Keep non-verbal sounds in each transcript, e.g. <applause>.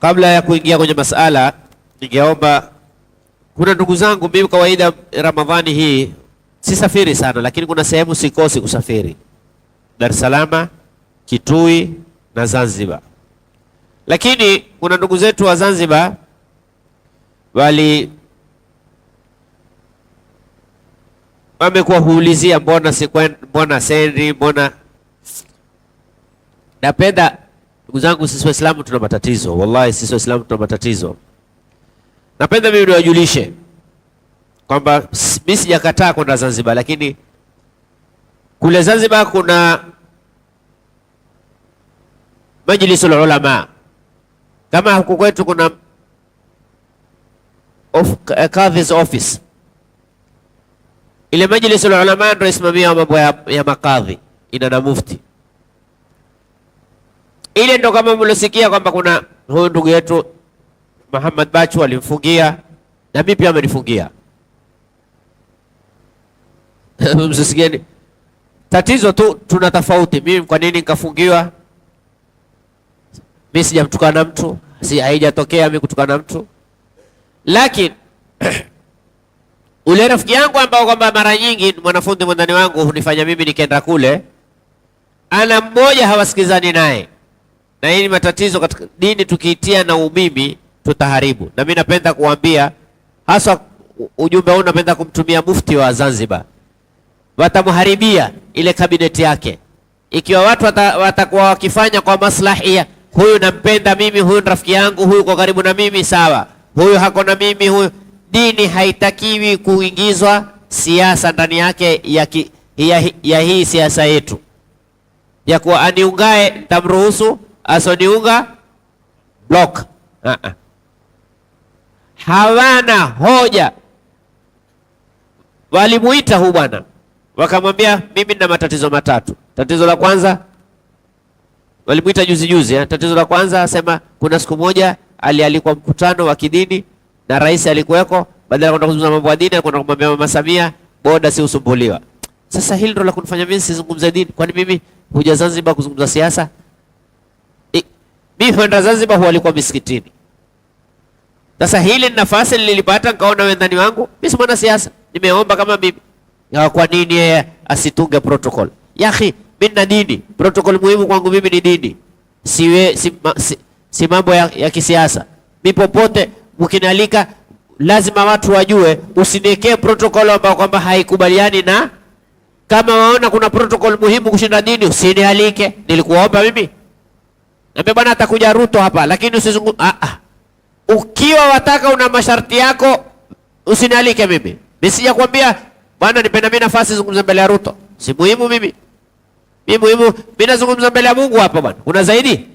Kabla ya kuingia kwenye masala, ningeomba kuna ndugu zangu, mimi kawaida Ramadhani hii sisafiri sana, lakini kuna sehemu sikosi kusafiri: Dar es Salaam, Kitui na Zanzibar. Lakini kuna ndugu zetu wa Zanzibar wali wamekuwa huulizia mbona sikwenda, mbona sendi, mbona napenda Ndugu zangu, sisi Waislamu tuna matatizo, wallahi, sisi Waislamu tuna matatizo. Napenda mimi niwajulishe kwamba mimi sijakataa kwenda Zanzibar, lakini kule Zanzibar kuna majlisul ulama, kama huku kwetu kuna of, eh, kadhi's office. Ile majlisul ulama ndio isimamia mambo ya, ya makadhi, ina na mufti ile ndo kama mlosikia kwamba kuna huyu ndugu yetu Muhammad Bachu alimfungia na mimi pia amenifungia. <laughs> Msisikieni. Tatizo tu tuna tofauti. Mimi kwa nini nikafungiwa? Mimi sijamtukana mtu, si haijatokea mimi kutukana mtu. Lakini <clears throat> ule rafiki yangu ambao kwamba mara nyingi mwanafunzi mwandani wangu hunifanya mimi nikaenda kule, ana mmoja hawasikizani naye na hii ni matatizo katika dini, tukiitia na umimi tutaharibu. Na mimi napenda kuambia hasa ujumbe huu napenda kumtumia mufti wa Zanzibar, watamharibia ile kabineti yake ikiwa watu watakuwa wakifanya kwa maslahi, huyu nampenda mimi, huyu ni rafiki yangu, huyu kwa karibu na mimi, sawa, huyu hako na mimi, huyu. Dini haitakiwi kuingizwa siasa ndani yake ya, ki, ya, ya hii siasa yetu ya kuwa aniungae tamruhusu Asodi Unga block. Uh -uh. Hawana hoja. Walimuita huu bwana wakamwambia, mimi nina matatizo matatu. Tatizo la kwanza walimuita juzi juzi ya. Eh. Tatizo la kwanza asema, kuna siku moja alialikwa mkutano wa kidini na rais alikuweko, badala ya kwenda kuzungumza mambo ya dini alikwenda kumwambia Mama Samia, boda si usumbuliwa. Sasa hili ndo la kunifanya mimi sizungumze dini. Kwani mimi huja Zanzibar kuzungumza siasa? mimi kwenda Zanzibar huwa alikuwa misikitini. Sasa hili nafasi nililipata, nikaona wendani wangu, mimi si mwana siasa, nimeomba kama mimi ya kwa nini yeye asitunge protocol? Yahi, mimi na dini, protocol muhimu kwangu mimi ni dini, siwe si, ma, si, si mambo ya, ya kisiasa. Mimi popote mkinalika, lazima watu wajue, usiniwekee protocol ambayo kwamba haikubaliani na. Kama waona kuna protocol muhimu kushinda dini, usinialike. Nilikuomba mimi Niambia bwana atakuja Ruto hapa lakini usizungu ah, ah. Ukiwa wataka una masharti yako usinialike mimi. Mimi sijakwambia bwana nipenda mimi nafasi zungumza mbele ya Ruto. Si muhimu mimi. Mimi muhimu mimi nazungumza mbele ya Mungu hapa bwana. Una zaidi?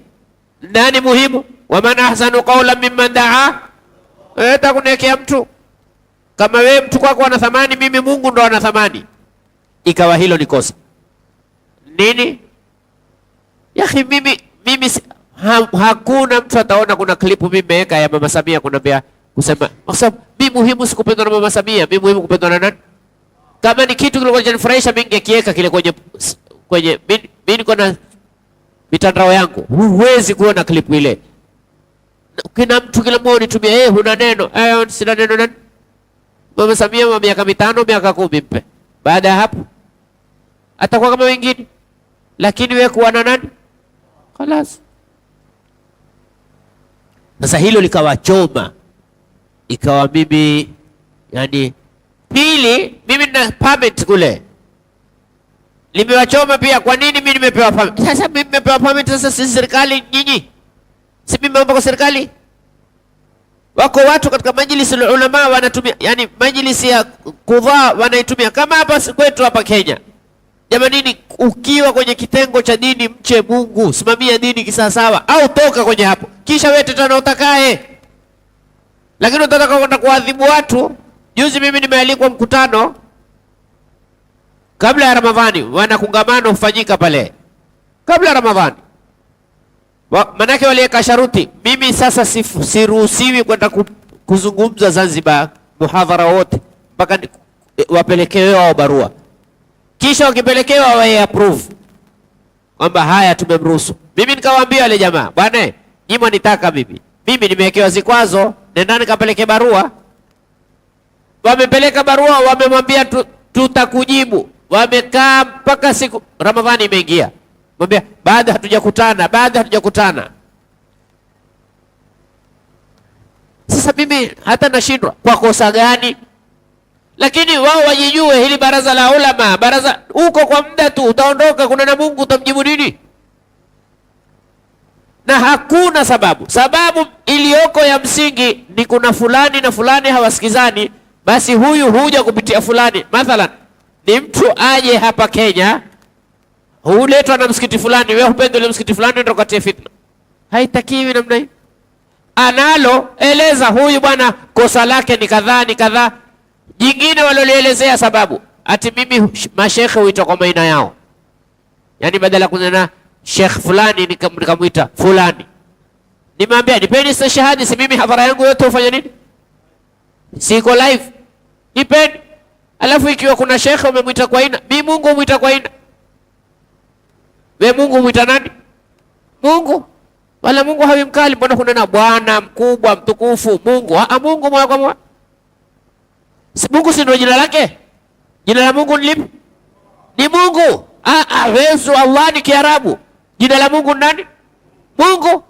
Nani muhimu? Wa man ahsanu qawlan mimman daa. Wewe eh, takunekea mtu. Kama wewe mtu kwako ana thamani, mimi Mungu ndo ana thamani. Ikawa hilo ni kosa. Nini? khi mimi mimi ha, hakuna mtu ataona kuna klipu mimi nimeweka ya Mama Samia kunambia kusema kwa sababu mimi muhimu sikupendwa na Mama Samia, mimi muhimu kupendwa na nani? Kama ni kitu kilikuwa kinanifurahisha mimi ningekiweka kile kwenye kwenye mimi niko na mitandao yangu. Huwezi kuona klipu ile. Kila mtu kila mmoja unitumia, eh, huna neno. Eh, sina neno nani? Mama Samia wa miaka mitano, miaka kumi mpe. Baada ya hapo atakuwa kama wengine. Lakini wewe kuwa na nani? Khalas. Sasa hilo likawachoma, ikawa mimi yani, pili mimi nina permit kule limewachoma pia. Kwa nini mimi nimepewa permit? Sasa mimi nimepewa permit, sasa si serikali nyinyi, si mimi mambo kwa serikali. Wako watu katika majlisi ulama wanatumia, yani majlisi ya kudhaa wanaitumia kama hapa kwetu hapa Kenya Jamanini, ukiwa kwenye kitengo cha dini, mche Mungu, simamia dini kisawasawa, au toka kwenye hapo, kisha wewe tena utakaye. Lakini utataka kwenda kuadhibu watu. Juzi mimi nimealikwa mkutano kabla ya Ramadhani, wana kongamano kufanyika pale kabla ya Ramadhani. Manake waliweka sharuti, mimi sasa siruhusiwi kwenda kuzungumza Zanzibar muhadhara wote mpaka wapelekewe wao barua kisha wakipelekewa wae approve kwamba haya tumemruhusu. Mimi nikawaambia wale jamaa, bwana nyimwa nitaka mimi mimi nimewekewa zikwazo, nenda nikapeleke barua. Wamepeleka barua, wamemwambia tutakujibu. Wamekaa mpaka siku Ramadhani imeingia, mwambia baada hatujakutana, baada hatujakutana. Sasa mimi hata nashindwa kwa kosa gani? lakini wao wajijue. Hili baraza la ulama, baraza huko kwa muda tu, utaondoka. Kuna na Mungu utamjibu nini? Na hakuna sababu. Sababu iliyoko ya msingi ni kuna fulani na fulani hawasikizani, basi huyu huja kupitia fulani. Mathalan, ni mtu aje hapa Kenya, huletwa na msikiti fulani, wewe upende ule msikiti fulani, ndio ukatia fitna. Haitakiwi namna hii. Analo eleza huyu bwana, kosa lake ni kadhaa ni kadhaa Jingine walolielezea sababu ati mimi mashekhe huitwa kwa maina yao, yaani badala kunena shekh fulani nikamwita fulani. Nimeambia nipeni shahadi, si mimi hadhara yangu yote hufanya nini? Siko live, nipeni. Alafu ikiwa kuna shekhe umemwita kwa aina, mi Mungu umwita kwa aina, we Mungu umwita nani? Mungu wala Mungu hawimkali, mbona kuna na bwana mkubwa mtukufu Mungu? Aa, ah, Mungu moja kwa moja Mungu si ndio jina lake? Jina la Mungu ni lipi? Ni Mungu. Ah, ah, Yesu Allah ni Kiarabu. Jina la Mungu nani? Mungu.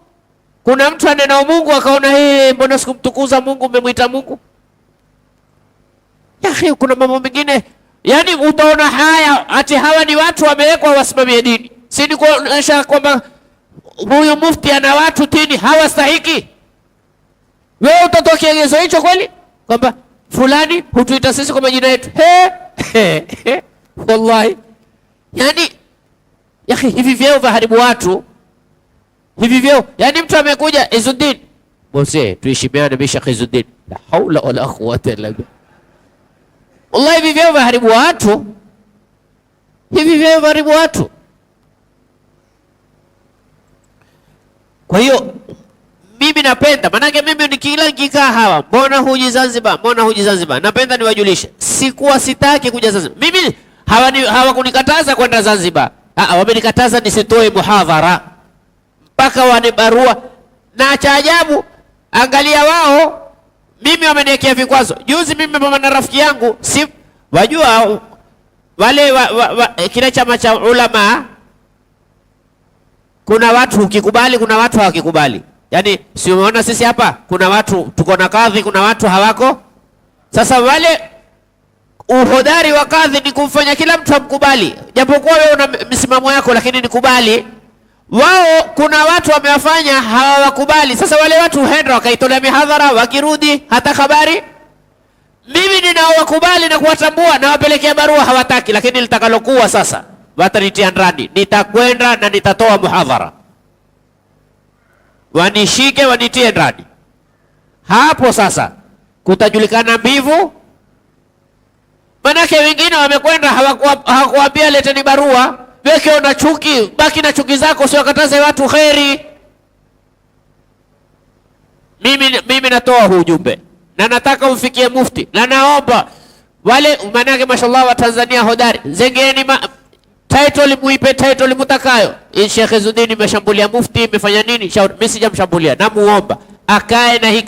Kuna mtu anena Mungu akaona hii, eh, mbona sikumtukuza Mungu, umemwita Mungu? Yaani kuna mambo mengine yaani utaona haya ati hawa ni watu wamewekwa wasimamie dini, si ni kuonesha kwamba huyu mufti ana watu tini hawastahiki? Wewe utatoa kielezo hicho kweli kwamba fulani hutuita sisi kwa majina yetu. He, Wallahi, yani yaki, hivi vyeo vya haribu watu hivi vyeo. Yani mtu amekuja Izuddin Bose, tuheshimiane Bishak Izuddin, la haula wala quwwata illa billah. Wallahi hivi vyeo vya haribu watu, hivi vyeo vya haribu watu. Kwa hiyo mimi napenda, manake mimi nikila nikikaa hawa, mbona huji Zanzibar, mbona huji Zanzibar? Napenda niwajulishe, sikuwa sitaki kuja Zanzibar mimi. Hawakunikataza hawa kwenda Zanzibar, ah, ah, wamenikataza nisitoe muhadhara mpaka wane barua. Na cha ajabu, angalia wao, mimi wameniwekea vikwazo. Juzi mimi pamoja na rafiki yangu si wajua wale wa, wa, wa, kile chama cha ulama, kuna watu ukikubali, kuna watu hawakikubali. wa Yaani si umeona sisi hapa kuna watu tuko na kadhi, kuna watu hawako. Sasa wale uhodari wa kadhi ni kumfanya kila mtu amkubali, japokuwa wewe una msimamo yako, lakini nikubali. Wao kuna watu wamewafanya hawawakubali. Sasa wale watu huenda wakaitolea mihadhara, wakirudi hata habari mimi ninaowakubali na kuwatambua na wapelekea barua hawataki, lakini litakalokuwa sasa watanitia ndani, nitakwenda na nitatoa muhadhara wanishike wanitie ndani. Hapo sasa kutajulikana mbivu, manake wengine wamekwenda hawakuambia leteni barua, weke na chuki, baki na chuki zako, usiwakataze watu kheri. Mimi, mimi natoa huu ujumbe na nataka umfikie Mufti na naomba wale, manake mashallah wa Tanzania hodari zengeni title muipe title mtakayo. Hii Sheikh Izzudyn imeshambulia mufti, imefanya nini? Shauri mimi sijamshambulia, namuomba akae na hii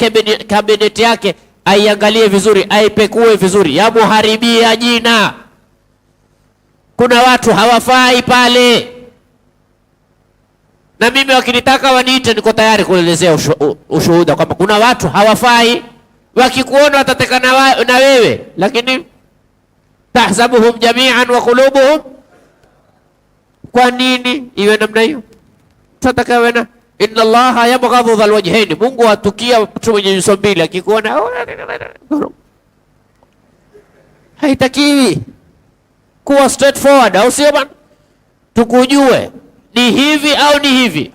kabineti yake aiangalie vizuri, aipekue vizuri, yamuharibia jina. Kuna watu hawafai pale, na mimi wakinitaka waniite, niko tayari kuelezea ushuhuda kwamba kuna watu hawafai. Wakikuona watateka na, wewe, lakini tahsabuhum jamian wa kulubuhum kwa nini iwe namna hiyo? Tatakawe wena inna Allaha yabghadhu dhal wajhain, Mungu atukia mtu mwenye nyuso mbili, akikuona oh, haitakiwi kuwa straightforward, au sio bwana? Tukujue ni hivi au ni hivi.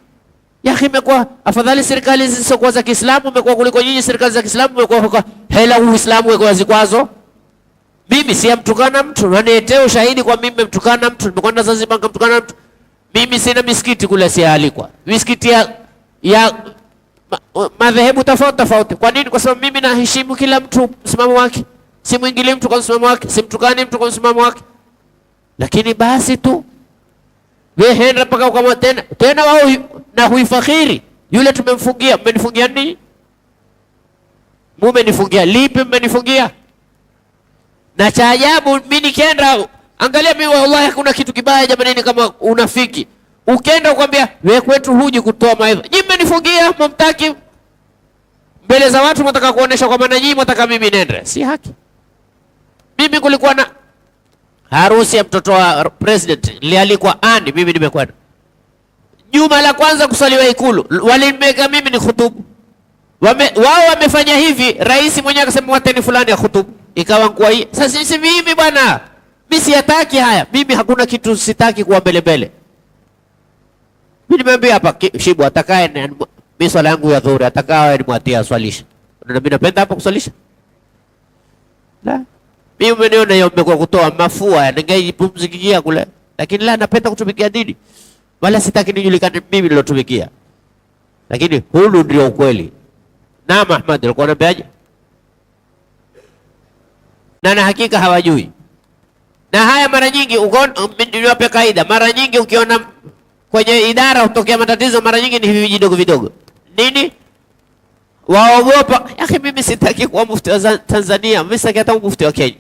Yake imekuwa afadhali serikali zisizokuwa za Kiislamu imekuwa kuliko nyinyi serikali za Kiislamu imekuwa hela Uislamu wekwa zikwazo mimi siyamtukana mtu, nanietee ushahidi kwa mimi memtukana mtu, nimekwenda Zanzibar nikamtukana mtu. Mimi sina misikiti kule, siyaalikwa misikiti ya, ya madhehebu ma tofauti tofauti. Kwa nini? Kwa sababu mimi naheshimu kila mtu msimamo wake, simwingili mtu kwa msimamo wake, simtukani mtu kwa msimamo wake. Lakini basi tu wehenda mpaka kwa tena tena, wao na huifakhiri yule tumemfungia. Mmenifungia nini? Mumenifungia lipi? Mmenifungia na cha ajabu mimi nikienda, angalia mimi wallahi, hakuna kitu kibaya jamanini kama unafiki. Ukienda kwambia we kwetu huji kutoa mawaidha, nyinyi mmenifungia, mmtaki mbele za watu, mtaka kuonesha kwa maana nyinyi mtaka mimi nende, si haki. Mimi kulikuwa na harusi ya mtoto wa president, nilialikwa andi mimi nimekwenda juma la kwanza kusaliwa Ikulu, walimega mimi ni khutubu wao wamefanya hivi, rais mwenyewe akasema wateni fulani ya khutubu ikawa nguo hii. Sasa sisi mimi bwana, mimi siyataki haya. Mimi hakuna kitu sitaki kuwa mbele mbele. Mimi nimeambia hapa Shibu atakaye mimi swala yangu ya dhuhuri atakaye nimwatia swalisha. Na mimi napenda hapa kuswalisha. La. Mimi umeniona hiyo mmekuwa kutoa mafua, ningejipumzikia kule. Lakini la napenda kutumikia dini. Wala sitaki nijulikane mimi nilotumikia. Lakini huu ndio ukweli. Na Muhammad alikuwa anambiaje? na na hakika hawajui. Na haya mara nyingi um, niwape kaida, mara nyingi ukiona kwenye idara utokea matatizo, mara nyingi ni hivi vidogo vidogo. Nini waogopa? Yake yaani mimi sitaki kuwa mufti wa Tanzania, mimi sitaki hata mufti wa Kenya,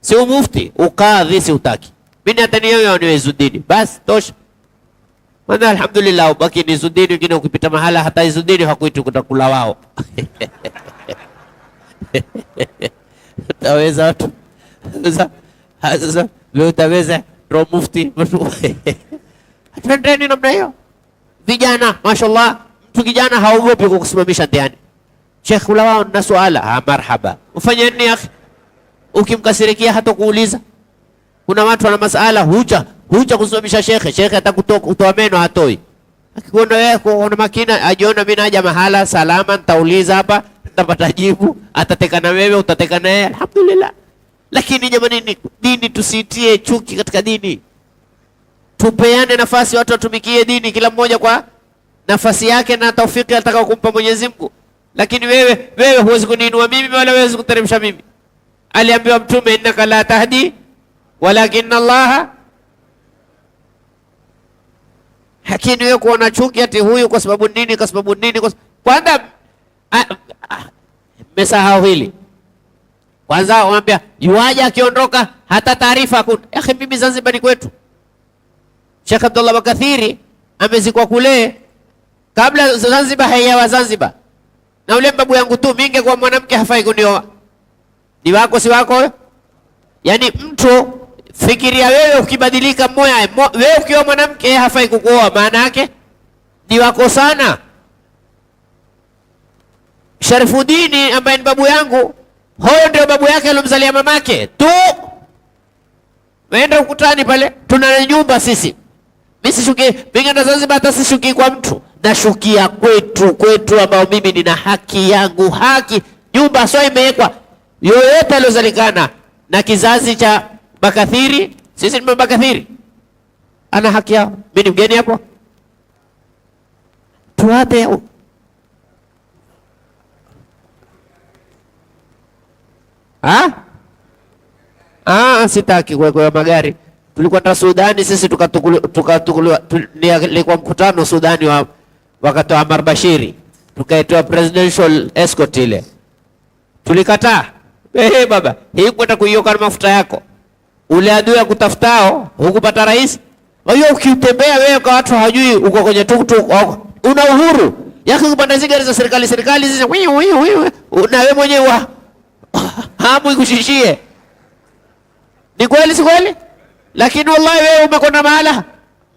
si mufti ukadhi, si utaki mimi hata ni zudini aniwezudini, basi tosha. Maana alhamdulillah ubaki ni zudini, wengine ukipita mahala hata zudini hakuiti kutakula wao <laughs> utaweza watu sasa, utaweza ro mufti <laughs> twendeni namna hiyo. Vijana mashallah, mtu kijana haogopi kukusimamisha ndani. Sheikh ulawao na suala ha, ah, marhaba, ufanye nini akhi? Ukimkasirikia hata kuuliza. Kuna watu wana masala, huja huja kusimamisha shekhe, shekhe atakutoa meno hatoi Akikuona wewe kuona makina, ajiona mimi naja mahala salama, nitauliza hapa, nitapata jibu, atateka na wewe, utateka na yeye. Alhamdulillah. Lakini jamani, dini tusitie chuki katika dini, tupeane nafasi, watu watumikie dini, kila mmoja kwa nafasi yake na taufiki kumpa Mwenyezi Mungu. Lakini wewe wewe huwezi kuniinua mimi wala huwezi kuteremsha mimi. Aliambiwa Mtume, innaka la tahdi walakin Allaha Lakini wewe kuona chuki ati huyu kwa sababu nini, kwa sababu nini? Kwanza ah, ah, mmesahau hili kwanza, wanaambia yuaja akiondoka hata taarifa hakuna. Akhi, mimi Zanzibar ni kwetu. Sheikh Abdullah Bakathiri amezikwa kule kabla Zanzibar haiyawa Zanzibar, na ule babu yangu tu mingi kwa mwanamke hafai kunioa. Ni wako si wako? Yaani mtu Fikiria wewe ukibadilika moya, wewe ukiwa mwanamke hafai kukuoa, maana yake ni wako sana. Sharifudini ambaye ni babu yangu, huyo ndio babu yake alomzalia mamake tu. Waenda ukutani pale, tuna nyumba sisi. Mimi sishuki na Zanzibar, hata sishuki kwa mtu, nashukia kwetu, kwetu ambao mimi nina haki yangu, haki nyumba sio imewekwa. Yoyote aliozalikana na kizazi cha Makathiri, sisi ni makathiri, ana haki yao. Mimi ni mgeni hapo, tuwape ha? Ah, sitaki kwa magari. Tulikwenda Sudani sisi tukatukuliwa, nilikuwa mkutano Sudani wa wakati wa Amar Bashiri, tukaitwa presidential escort ile, tulikataa. Hey, baba hii kwenda kuiokana mafuta yako ule adui akutafutao hukupata rais. Kwa hiyo ukitembea wewe kwa watu hawajui uko kwenye tuktuk, una uhuru yake yaani kupanda zigari za serikali serikali zizi wii wii wii, na wewe mwenyewe wa hamu <laughs> ikushishie. Ni kweli, si kweli? Lakini wallahi wewe umekwenda mahala.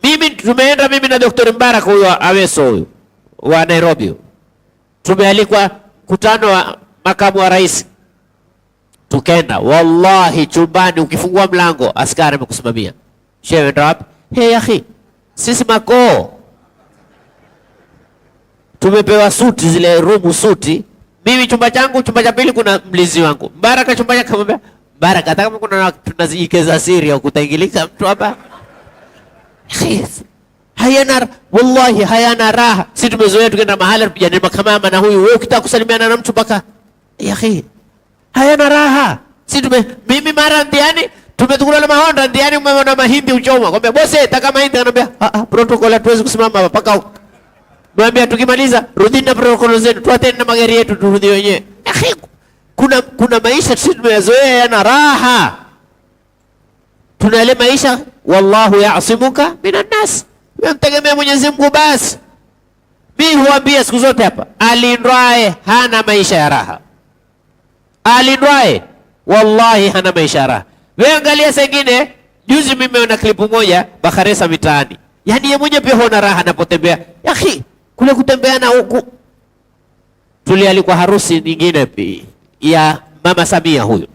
Mimi tumeenda mimi na daktari Mbarak huyo Aweso huyo wa Nairobi, tumealikwa mkutano wa makamu wa rais Tukaenda wallahi, chumbani ukifungua mlango askari amekusimamia, shewe ndo wapi? He yahi, sisi makoo tumepewa suti zile rumu suti. Mimi chumba changu, chumba cha pili kuna mlinzi wangu baraka chumba chake kamwambia baraka hata kama kuna tunazijikeza siri au kutaingilika mtu hapa, hayana wallahi, hayana raha. si tumezoea tukienda mahali kama makamama na huyu, wewe ukitaka kusalimiana na mtu mpaka yahi hayana raha. Si tume mimi mara ndiani tumetukula na mahonda ndiani, umeona mahindi uchoma. Kwambia bose, taka mahindi, anambia ah, ah, protocol hatuwezi kusimama hapa paka huko. Mwambia tukimaliza rudini na protocol zenu, tuateni na magari yetu turudi wenyewe. Akhi, kuna kuna maisha sisi tumeyazoea yana raha. Tuna maisha, wallahu yaasimuka minan nas, mtegemea Mwenyezi Mungu basi. Mimi huambia siku zote hapa, alindwae hana maisha ya raha alidwae wallahi hana maisha raha. Wewe angalia sengine, juzi mimi na klipu moja Bakhresa mitaani, yaani yeye mwenyewe pia hana raha anapotembea. Yaani kule kutembea na huku, tulialikwa harusi nyingine pia ya mama Samia, huyo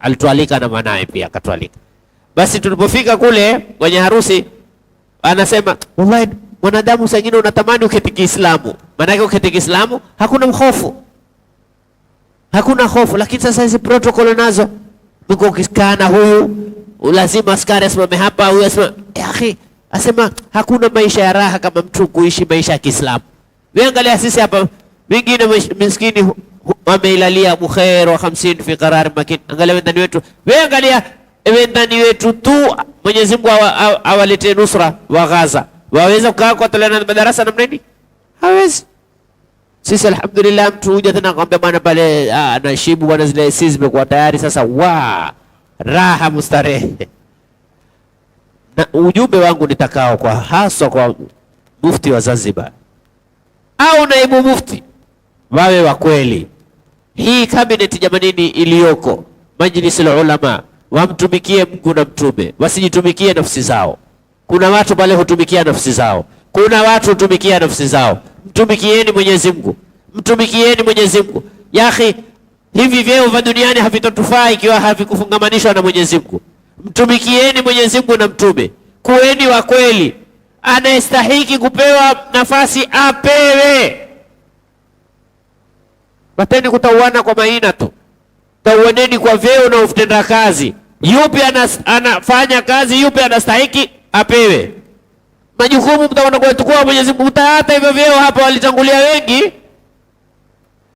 alitualika na mwanae pia akatualika. Basi tulipofika kule kwenye harusi, anasema wallahi, mwanadamu sengine unatamani uketi Kiislamu, maanake uketi Kiislamu hakuna mhofu hakuna hofu. Lakini sasa hizi protocol nazo mko, ukiskana huyu lazima askari asimame hapa, huyu asimame. Eh, akhi asema hakuna maisha ya raha kama mtu kuishi maisha ya Kiislamu. Wewe angalia sisi hapa, wengine miskini wameilalia bukhair wa 50 fi qarar makin. Angalia wendani wetu, wewe angalia wendani wetu tu, Mwenyezi Mungu awalete nusra wa Gaza, waweza kukaa kwa talana madarasa namna nini? Hawezi. Sisi alhamdulillah, mtu huja tena akwambia bwana pale ah, anashibu bwana, zile sisi zimekuwa tayari sasa, wa raha mustarehe. Na ujumbe wangu nitakao kwa haswa kwa mufti wa Zanzibar au naibu mufti, wawe wa kweli. Hii kabineti jamanini iliyoko majlisi ulama wamtumikie Mungu na mtume, wasijitumikie nafsi zao. Kuna watu pale hutumikia nafsi zao, kuna watu hutumikia nafsi zao mtumikieni Mwenyezi Mungu, mtumikieni Mwenyezi Mungu. Yahi, hivi vyeo vya duniani havitotufaa ikiwa havikufungamanishwa na Mwenyezi Mungu. Mtumikieni Mwenyezi Mungu na Mtume, kuweni wa kweli. Anayestahiki kupewa nafasi apewe. Bateni kutauana kwa maina tu, tauaneni kwa vyeo na utenda kazi. Yupi anafanya kazi, yupi anastahiki apewe majukumu mtakana kuwachukua Mwenyezi Mungu. Hata hivyo vyeo hapa walitangulia wengi,